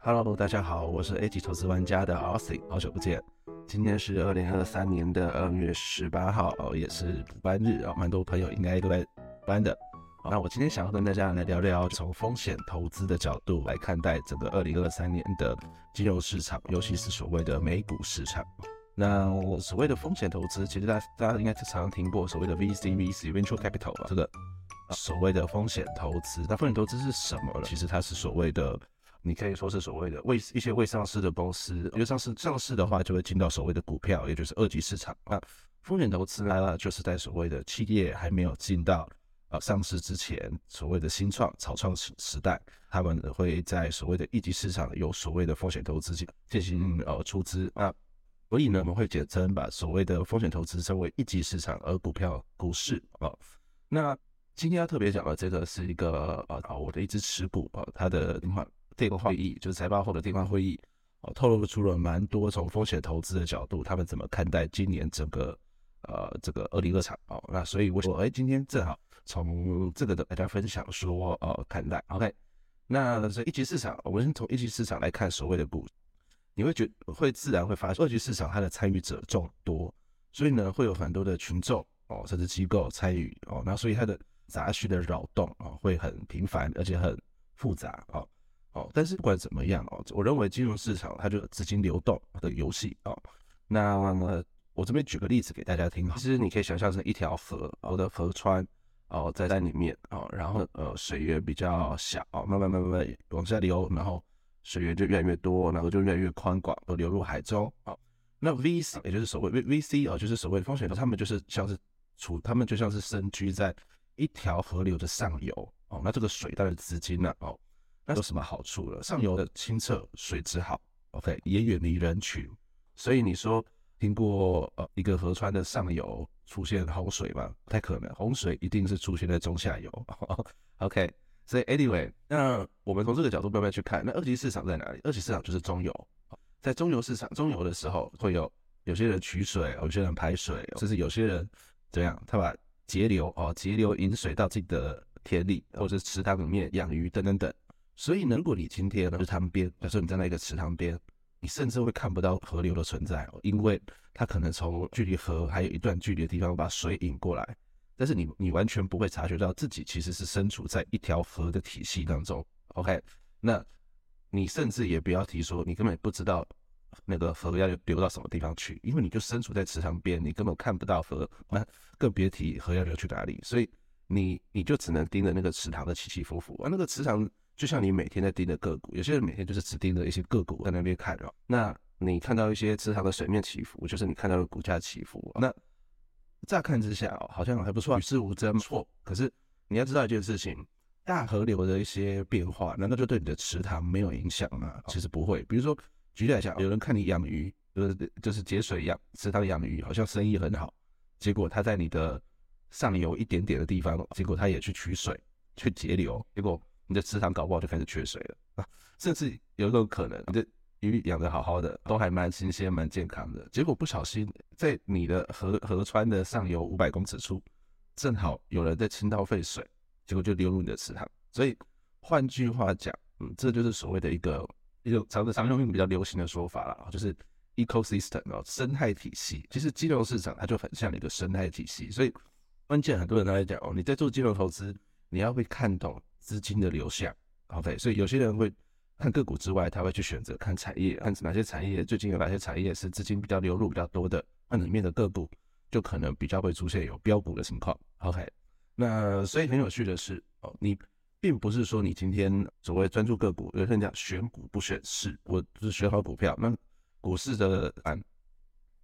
Hello，大家好，我是 A 級投資玩家的 Austin，好久不見。今天是二零二三年的二月十八號、哦，也是補班日啊，蠻、哦、多朋友應該都在班的、哦。那我今天想要跟大家來聊聊，從風險投資的角度來看待整個二零二三年的金融市場，尤其是所謂的美股市場。那所謂的風險投資，其實大大家應該經常，常聽過所謂的 VC、VC、Venture Capital，這個所謂的風險投資。那風險投資是什麼呢？其實它是所謂的。你可以說是所謂的未一些未上市的公司，因為上市上市的話就會進到所謂的股票，也就是二級市場。那風險投資來了，就是在所謂的企業還沒有進到呃上市之前，所謂的新創草創時時代，他們會在所謂的一級市場有所謂的風險投資進進行呃出資、嗯。那所以呢，我們會簡稱把所謂的風險投資稱為一級市場，而股票股市啊、嗯哦。那今天要特別講的這個是一個呃啊我的一支持股啊、呃，它的另外。電話會議就是財報後的電話會議。哦，透露出了蠻多從風險投資的角度，他們怎麼看待今年整個，呃，這個2023哦。那所以我說哎，今天正好從這個的大家分享說，哦，看待，OK，那所以一級市場，我們先從一級市場來看所謂的股，你會覺會自然會發現，二級市場它的參與者眾多，所以呢，會有很多的群眾哦，甚至機構參與哦，那所以它的雜訊的擾動啊、哦，會很頻繁而且很複雜啊。哦哦，但是不管怎麼樣哦，我認為金融市場它就資金流動的遊戲哦。那麼我這邊舉個例子給大家聽，其實你可以想象成一條河的河川哦，在在裡面哦，然後呃，水源比較小，慢慢慢慢往下流，然後水源就越來越多，然後就越來越寬廣，流入海中哦，那 VC 也就是所謂 VVC 哦，v, 就是所謂的風險，他們就是像是處，他們就像是身居在一條河流的上游哦。那這個水代表資金呢、啊、哦。那有什麼好處了？上游的清澈水質好，OK，也遠離人群，所以你說聽過呃一個河川的上游出現洪水嗎？不太可能，洪水一定是出現在中下游，OK，所以 anyway，那我們從這個角度慢慢去看，那二級市場在哪裡？二級市場就是中游，在中游市場，中游的時候會有有些人取水，有些人排水，甚至有些人怎樣，他把截流哦，截流引水到自己的田裡或者是池塘裡面養魚等等等。所以呢，如果你今天、就是、池塘邊，比如說你站在一個池塘邊，你甚至會看不到河流的存在，因為它可能從距離河還有一段距離的地方把水引過來。但是你，你完全不會察覺到自己其實是身處在一條河的體系當中。OK，那你甚至也不要提說你根本不知道那個河要流到什麼地方去，因為你就身處在池塘邊，你根本看不到河，那更別提河要流去哪裡。所以你，你就只能盯着那個池塘的起起伏伏啊，那個池塘。就像你每天在盯着個股，有些人每天就是只盯着一些個股在那邊看的。那你看到一些池塘的水面起伏，就是你看到的股價起伏。那乍看之下，好像還不錯啊，與世無爭，錯。可是你要知道一件事情，大河流的一些變化，難道就對你的池塘沒有影響嗎？其實不會。比如說，舉例來講，有人看你養魚，呃，就是節水養池塘養魚，好像生意很好。結果他在你的上游一點點的地方，結果他也去取水去截流，結果。你的池塘搞不好就開始缺水了啊，甚至有一種可能，你的魚養得好好的，都還蠻新鮮、蠻健康的，結果不小心在你的河河川的上游五百公尺處，正好有人在傾倒廢水，結果就流入你的池塘。所以換句話講，嗯，這就是所謂的一個一種常在常用用比較流行的說法啦，就是 ecosystem 哦，生態體系。其實金融市場它就很像一個生態體系，所以關鍵很多人他在講哦，你在做金融投資，你要會看懂，資金的流向，OK，所以有些人會看個股之外，他會去選擇看產業，看哪些產業最近有哪些產業是資金比較流入比較多的，那裡面的個股就可能比較會出現有飆股的情況，OK，那所以很有趣的是哦，你並不是說你今天所謂專注個股，有些人講選股不選市，我只是選好股票，那股市的啊、嗯，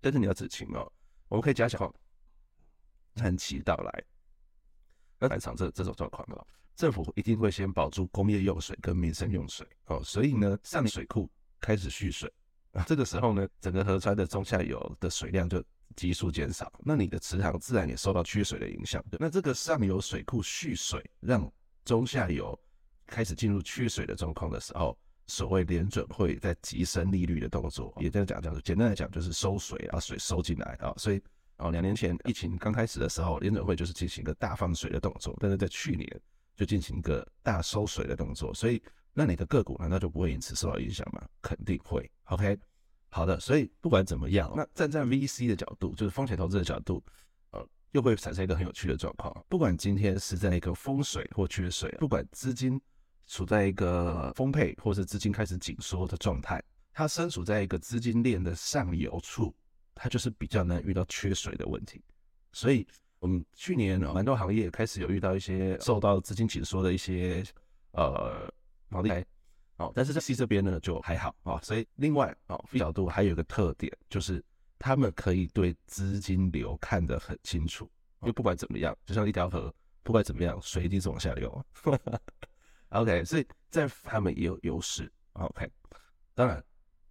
但是你要知情哦，我們可以假想看其到來，那，那來場這這種狀況哦。政府一定會先保住工業用水跟民生用水，哦，所以呢，上水庫開始蓄水，這個時候呢，整個河川的中下游的水量就急速減少，那你的池塘自然也受到缺水的影響。那這個上游水庫蓄水，讓中下游開始進入缺水的狀況的時候，所謂聯準會在提升利率的動作，也在講這樣講，簡單來講就是收水，把水收進來啊、哦。所以啊，兩、哦、年前疫情剛開始的時候，聯準會就是進行一個大放水的動作，但是在去年。就進行一個大收水的動作，所以那你的個股難道就不會因此受到影響嗎？肯定會。OK，好的。所以不管怎麼樣、哦，那站在 VC 的角度，就是風險投資的角度，呃，又會產生一個很有趣的狀況。不管今天是在一個豐水或缺水、啊，不管資金處在一個呃、豐沛，或是資金開始緊縮的狀態，它身處在一個資金鏈的上游處，它就是比較難遇到缺水的問題。所以。我們去年呢、哦，蠻多行業開始有遇到一些受到資金緊縮的一些呃房地產，哦，但是在 C 這邊呢就還好啊、哦，所以另外啊、哦、角度還有個特點就是他們可以對資金流看得很清楚、哦，就不管怎麼樣，就像一條河，不管怎麼樣水一直往下流。哈哈哈 OK，所以在他們也有優勢。OK，當然。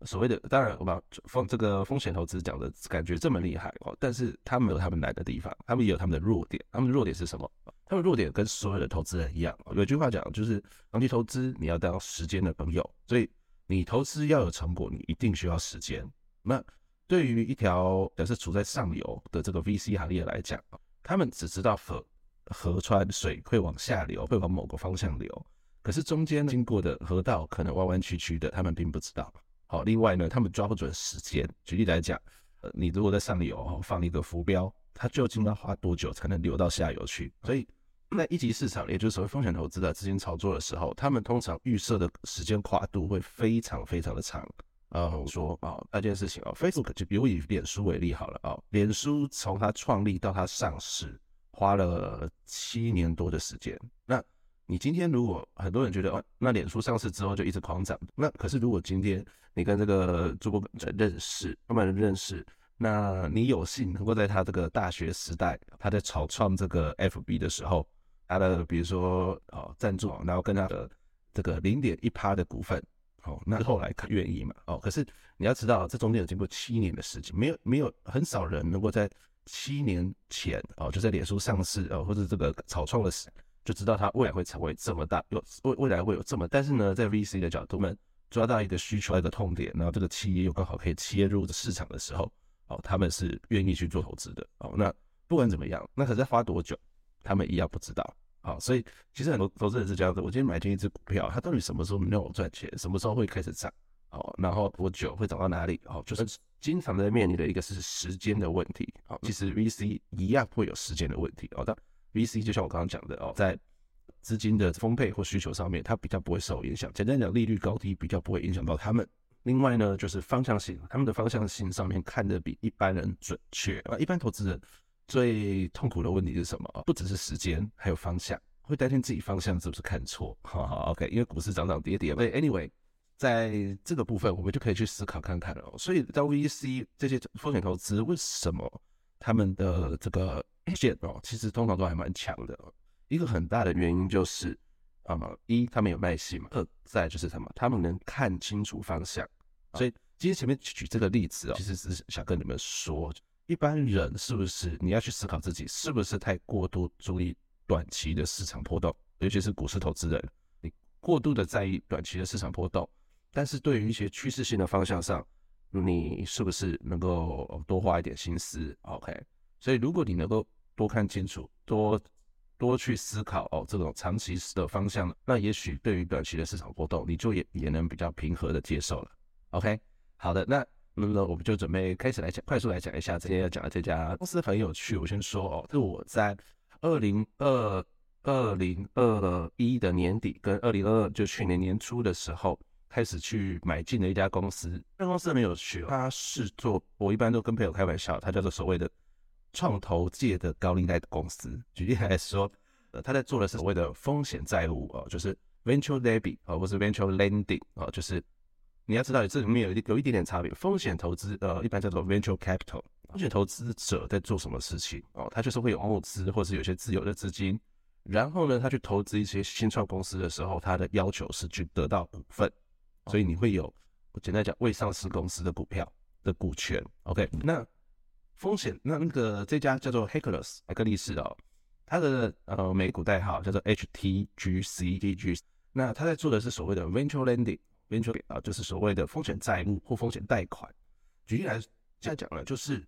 所謂的當然，我把風這個風險投資講的感覺這麼厲害，但是他們有他們難的地方，他們也有他們的弱點。他們的弱點是什麼？他們的弱點跟所有的投資人一樣。有一句話講，就是長期投資你要當時間的朋友，所以你投資要有成果，你一定需要時間。那對於一條假設處在上游的這個 VC 行業來講，他們只知道河河川水會往下流，會往某個方向流，可是中間經過的河道可能彎彎曲曲的，他們並不知道。好，另外呢，他們抓不準時間。舉例來講，呃，你如果在上游放一個浮標，它究竟要花多久才能流到下游去？所以，在一級市場，也就是所謂風險投資的資金操作的時候，他們通常預設的時間跨度會非常非常的長。嗯，說啊，哦，那件事情啊，Facebook 就比如以臉書為例好了啊，哦，臉書從它創立到它上市花了七年多的時間。那你今天如果很多人覺得哦，那臉書上市之後就一直狂漲，那可是如果今天你跟這個祖克柏認識，慢慢認識，那你有幸能夠在他這個大學時代，他在草創這個 FB 的時候，他的比如說哦贊助，然後跟他的這個零點一趴的股份，哦，那後來他願意嘛？哦，可是你要知道，這中間有經過七年的時間，沒有沒有很少人能夠在七年前哦就在臉書上市哦，或是這個草創的時就知道它未來會成為這麼大，有未未來會有這麼大，但是呢，在 VC 的角度我們抓到一個需求、一個痛點，然後這個企業又剛好可以切入市場的時候，哦，他們是願意去做投資的。哦，那不管怎麼樣，那可是花多久，他們一樣不知道。哦，所以其實很多投資人是這樣子，我今天買進一隻股票，它到底什麼時候能讓我賺錢？什麼時候會開始漲？哦，然後多久會漲到哪裡？哦，就是經常在面臨的一個是時間的問題。哦，其實 VC 一樣會有時間的問題。好、哦、的。VC 就像我剛剛講的哦，在資金的分配或需求上面，它比較不會受影響。簡單講，利率高低比較不會影響到他們。另外呢，就是方向性，他們的方向性上面看得比一般人準確。一般投資人最痛苦的問題是什麼？不只是時間，還有方向，會擔心自己方向是不是看錯。哈哈，OK，因為股市漲漲跌跌嘛。對，Anyway，在這個部分我們就可以去思考看看了。所以在 VC 這些風險投資為什麼？他們的這個線哦，其實通常都還蠻強的。一個很大的原因就是，啊，一他們有耐心嘛；二再就是什麼，他們能看清楚方向。所以今天前面舉這個例子啊，其實只是想跟你們說，一般人是不是你要去思考自己是不是太過度注意短期的市場波動，尤其是股市投資人，你過度的在意短期的市場波動，但是對於一些趨勢性的方向上。你是不是能夠多花一點心思？OK，所以如果你能夠多看清楚，多多去思考哦，這種長期的方向，那也許對於短期的市場波動，你就也也能比較平和的接受了。OK，好的，那那麼我們就準備開始來講，快速來講一下今天要講的這家公司很有趣。我先說哦，是我在二零二二零二一的年底跟二零二二就去年年初的時候。開始去買進了一家公司，那公司沒有趣，他是做，我一般都跟朋友開玩笑，他叫做所謂的創投界的高利貸公司。舉例來說，呃，他在做的是所謂的風險債務哦、呃，就是 venture debt 啊，或是 venture lending 啊、呃，就是你要知道你這裡面有一有一點點差別。風險投資呃，一般叫做 venture capital，風險投資者在做什麼事情哦？他、呃、就是會有募資，或者是有些自由的資金，然後呢，他去投資一些新創公司的時候，他的要求是去得到股份。所以你會有，我簡單講未上市公司的股票的股權，OK？那風險那那個這家叫做 Hercules 海格力士哦，它的呃美股代號叫做 HTGC。那它在做的是所謂的 venture lending，venture 啊就是所謂的風險債務或風險貸款。舉例來現在講了，就是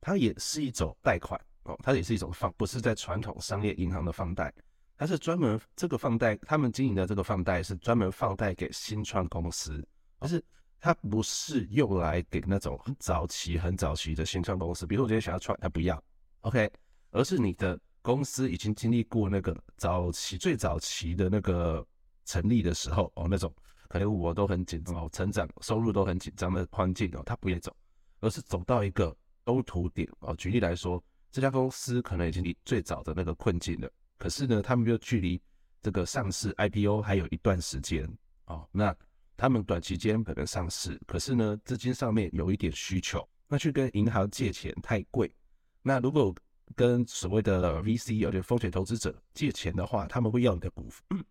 它也是一種貸款哦，它也是一種放，不是在傳統商業銀行的放貸。它是專門這個放貸，他們經營的這個放貸是專門放貸給新創公司，但是它不是用來給那種很早期、很早期的新創公司，比如我今天想要創，它不要，OK？而是你的公司已經經歷過那個早期、最早期的那個成立的時候哦，那種可能我都很緊張，成長收入都很緊張的環境哦，它不願意走，而是走到一個中途點哦。舉例來說，這家公司可能已經離最早的那個困境了。可是呢，他們又距離這個上市 IPO 還有一段時間哦。那他們短期間可能上市，可是呢，資金上面有一點需求，那去跟銀行借錢太貴。那如果跟所謂的 VC 或者風險投資者借錢的話，他們會要你的股份。嗯、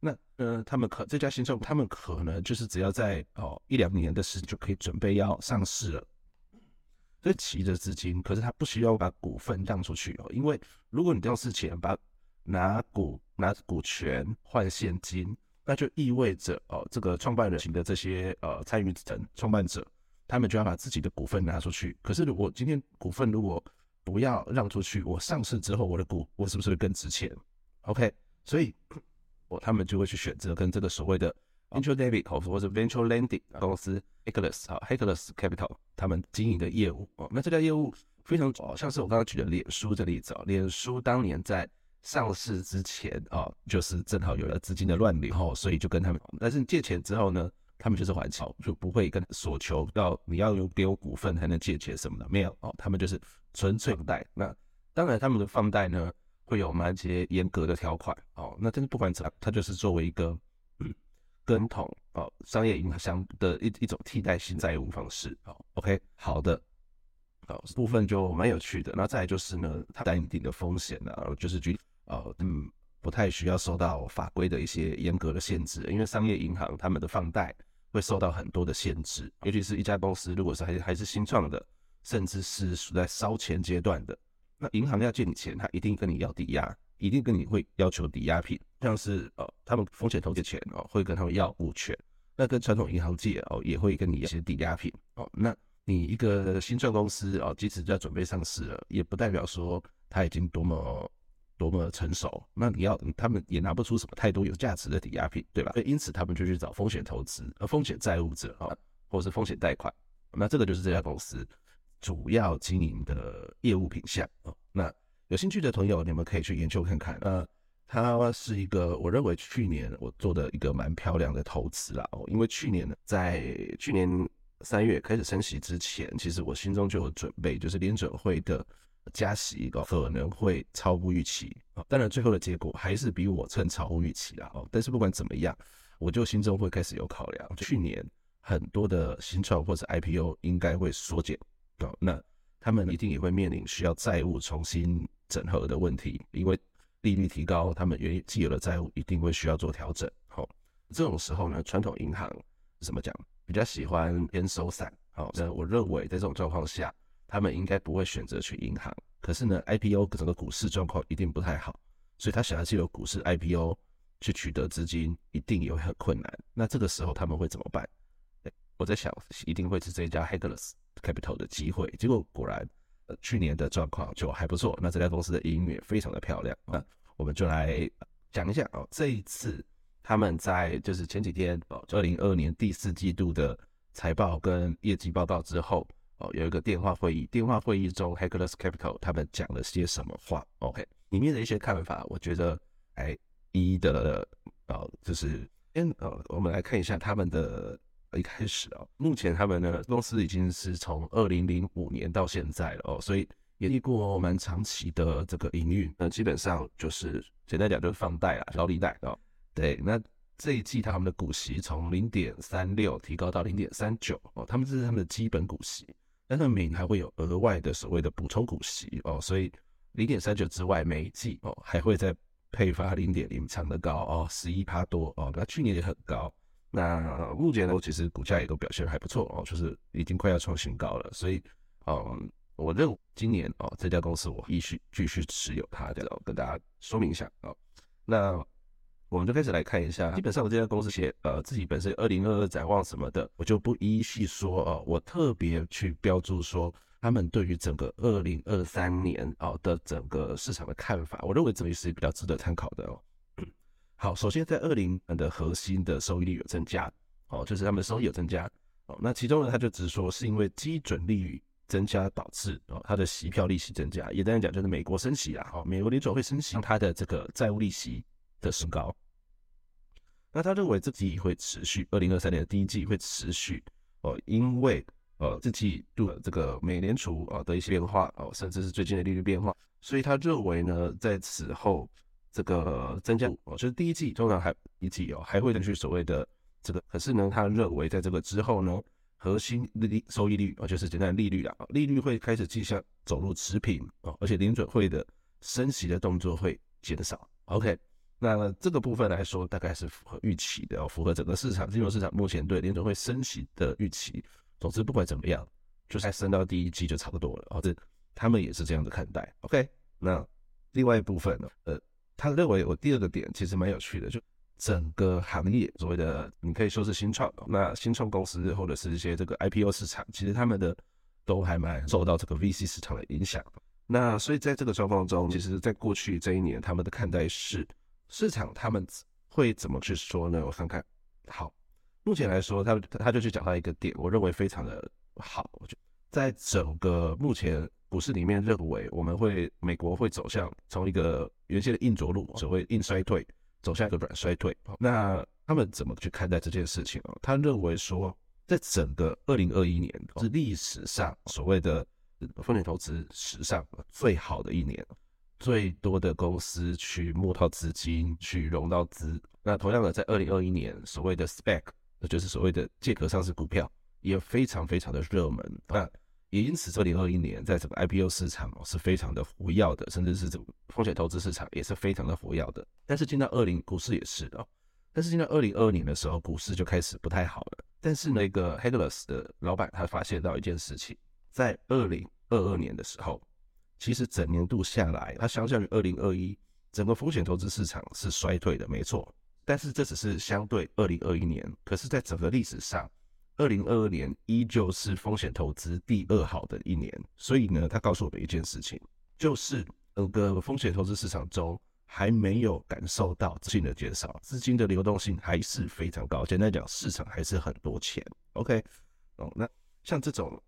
那呃，他們可這家新創，他們可能就是只要在哦一兩年的時間就可以準備要上市了。這急着資金，可是他不需要把股份讓出去哦，因為如果你要借錢把。拿股拿股權換現金，那就意味着哦，這個創辦人型的這些呃參與者、創辦者，他們就要把自己的股份拿出去。可是，如果今天股份如果不要讓出去，我上市之後，我的股我是不是會更值錢？OK，所以，我、哦、他們就會去選擇跟這個所謂的 Venture Debt 或者 Venture Lending 公司 Hercules 好 Hercules Capital 他們經營的業務哦。那這家業務非常早、哦，像是我剛剛舉的臉書的例子臉、哦、書當年在。上市之前啊、哦，就是正好有了資金的亂流，吼，所以就跟他們，但是借錢之後呢，他們就是還錢，就不會跟索求到你要有給我股份才能借錢什麼的，沒有哦，他們就是純粹放貸。那當然他們的放貸呢，會有蠻些嚴格的條款，哦，那但是不管怎樣，它就是作為一個、嗯、跟同哦商業銀行的一一種替代性債務方式，哦，OK，好的，哦，部分就蠻有趣的。那再來就是呢，它擔一定的風險啊，就是舉。呃、哦，嗯，不太需要受到法規的一些嚴格的限制，因為商業銀行他們的放貸會受到很多的限制，尤其是一家公司如果是還還是新創的，甚至是處在燒錢階段的，那銀行要借你錢，他一定跟你要抵押，一定跟你會要求抵押品，像是呃、哦，他們風險投資的錢哦，會跟他們要股權，那跟傳統銀行借哦，也會跟你一些抵押品哦，那你一個新創公司哦，即使在準備上市了，也不代表說他已經多麼。多麼成熟？那你要他們也拿不出什麼太多有價值的抵押品，對吧？所以因此他們就去找風險投資和風險債務者啊，或者是風險貸款。那這個就是這家公司主要經營的業務品項。那有興趣的朋友，你們可以去研究看看。呃，它是一個我認為去年我做的一個蠻漂亮的投資啦。因為去年呢，在去年三月開始升息之前，其實我心中就有準備，就是聯準會的。加息哦，可能會超乎預期啊。當然，最後的結果還是比我趁超乎預期啦。哦，但是不管怎麼樣，我就心中會開始有考量。去年很多的新創或者 IPO 應該會縮減哦，那他們一定也會面臨需要債務重新整合的問題，因為利率提高，他們原既有的債務一定會需要做調整。好，這種時候呢，傳統銀行怎麼講，比較喜歡邊收傘。那我認為在這種狀況下。他們應該不會選擇去銀行，可是呢，IPO 整個股市狀況一定不太好，所以他想要藉由股市 IPO 去取得資金，一定也會很困難。那這個時候他們會怎麼辦？我在想，一定會是這一家 Hercules Capital 的機會。結果果然，呃，去年的狀況就還不錯，那這家公司的營運也非常的漂亮。那我們就來講一下哦，這一次他們在就是前幾天二零二二年第四季度的財報跟業績報告之後。哦，有一個電話會議，電話會議中，Hackless Capital 他們講了些什麼話？OK，裡面的一些看法，我覺得哎，一的，呃，就是先呃、欸哦，我們來看一下他們的一開始哦，目前他們呢，公司已經是從二零零五年到現在了哦，所以也歷過蠻長期的這個營運，那基本上就是簡單講就是放貸啊，高利貸啊、哦，對，那這一季他們的股息從零點三六提高到零點三九哦，他們這是他們的基本股息。但那個名還會有額外的所謂的補充股息哦，所以零點三九之外每一季哦，還會再配發零點零，長的高哦，十一趴多哦，那去年也很高，那目前呢，我其實股價也都表現還不錯哦，就是已經快要創新高了，所以，呃、哦，我認為今年哦這家公司我必須繼續持有它，要跟大家說明一下哦，那。我們就開始來看一下，基本上我這家公司寫，呃，自己本身二零二二展望什麼的，我就不一一細說哦。我特別去標註說，他們對於整個二零二三年啊、哦、的整個市場的看法，我認為這裡是比較值得參考的哦、嗯。好，首先在二零呃的核心的收益率有增加，哦，就是他們收益有增加，哦，那其中呢，他就直說是因為基準利率增加導致，哦，它的息票利息增加，簡單講就是美國升息啦、啊哦，美國聯準會升息，它的這個債務利息，的升高，那他認為自己會持續，二零二三年的第一季會持續哦，因為呃，這季度這個美聯儲啊的一些變化哦，甚至是最近的利率變化，所以他認為呢，在此後這個增加哦，就是第一季通常還一季哦，還會延續所謂的這個。可是呢，他認為在這個之後呢，核心利收益率啊、哦，就是簡單利率啊，利率會開始跡象走入持平哦，而且零準會的升息的動作會減少。OK。那這個部分來說，大概是符合預期的，哦，符合整個市場、金融市場目前對聯準會升息的預期。總之，不管怎麼樣，就是升到第一季就差不多了。哦，這他們也是這樣的看待。OK，那另外一部分，哦，呃，他認為我第二個點其實蠻有趣的，就整個行業所謂的，你可以說是新創，那新創公司或者是一些這個 IPO 市場，其實他們的都還蠻受到這個 VC 市場的影響。那所以在這個狀況中，其實在過去這一年，他們的看待是。市場他們會怎麼去說呢？我看看，好，目前來說，他他就去講到一個點，我認為非常的好。我覺得在整個目前股市裡面，認為我們會美國會走向從一個原先的硬着陸，只會硬衰退，走向一個軟衰退。那他們怎麼去看待這件事情啊？他認為說，在整個二零二一年是歷史上所謂的風險投資史上最好的一年。最多的公司去募到資金，去融到資。那同樣的，在二零二一年，所謂的 SPAC，那就是所謂的借殼上市股票，也非常非常的熱門。那也因此，二零二一年在整個 IPO 市場哦是非常的活躍的，甚至是這種風險投資市場也是非常的活躍的。但是，進到二零股市也是哦。但是，進到二零二二年的時候，股市就開始不太好了。但是那個 Headless 的老板他發現到一件事情，在二零二二年的時候。其實整年度下來，它相較於二零二一整個風險投資市場是衰退的，沒錯。但是這只是相對二零二一年，可是，在整個歷史上，二零二二年依舊是風險投資第二好的一年。所以呢，它告訴我們一件事情，就是整個風險投資市場中還沒有感受到資金的減少，資金的流動性還是非常高。簡單講，市場還是很多錢。OK，哦，那像這種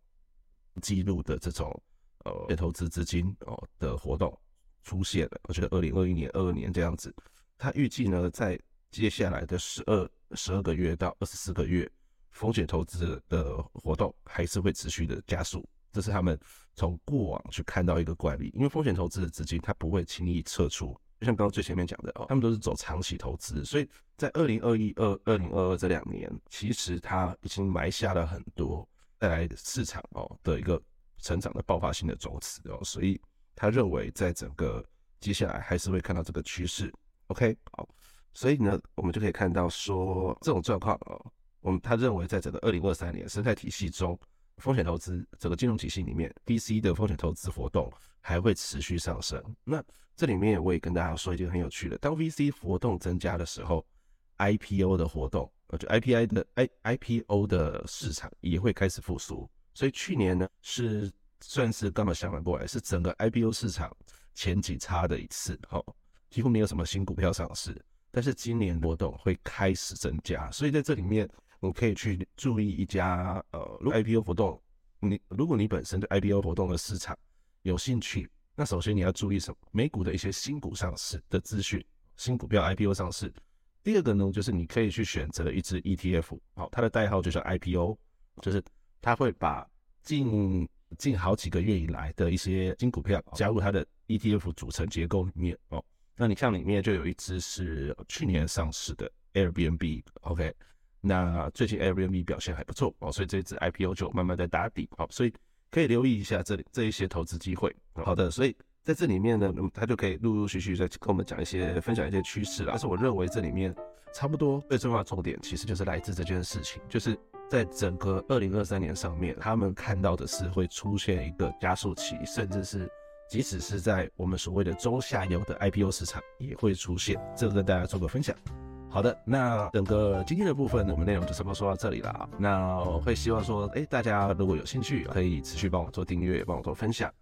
記錄的這種。呃，投資資金哦的活動出現了。我覺得二零二一年、二二年這樣子，他預計呢，在接下來的十二十二個月到二十四個月，風險投資的活動還是會持續的加速。這是他們從過往去看到一個慣例，因為風險投資的資金它不會輕易撤出，就像剛剛最前面講的哦，他們都是走長期投資，所以在二零二一、二二零二二這兩年，其實它已經埋下了很多帶來的市場哦的一個。成長的爆發性的週期哦，所以他認為在整個接下來還是會看到這個趨勢。OK，好，所以呢，我們就可以看到說這種狀況哦，我們他認為在整個二零二三年生態體系中，風險投資整個金融體系裡面，VC 的風險投資活動還會持續上升。那這裡面我也跟大家說一個很有趣的，當 VC 活動增加的時候，IPO 的活動，呃，就 IPI 的 I IPO 的市場也會開始復甦。所以去年呢，是算是根本想不過來，是整個 IPO 市場前幾差的一次，哦，幾乎沒有什麼新股票上市。但是今年活動會開始增加，所以在這裡面我可以去注意一家，呃，如果 IPO 活動，你如果你本身對 IPO 活動的市場有興趣，那首先你要注意什麼？美股的一些新股上市的資訊，新股票 IPO 上市。第二個呢，就是你可以去選擇一支 ETF，好、哦，它的代號就叫 IPO，就是。他會把近近好幾個月以來的一些新股票加入他的 ETF 組成結構裡面哦。那你看裡面就有一只是去年上市的 Airbnb，OK？那最近 Airbnb 表現還不錯哦，所以這只 IPO 就慢慢在打底哦，所以可以留意一下這裡這一些投資機會。好的，所以在這裡面呢，他就可以陸陸續續在跟我們講一些、分享一些趨勢了。但是我認為這裡面。差不多對最重要的重點，其實就是來自這件事情，就是在整個二零二三年上面，他們看到的是會出現一個加速期，甚至是即使是在我們所謂的中下游的 IPO 市場也會出現。這個跟大家做個分享。好的，那整個今天的部分，我們內容就差不多說到這裡了啊。那我會希望說，哎、欸，大家如果有興趣，可以持續幫我做訂閱，幫我做分享。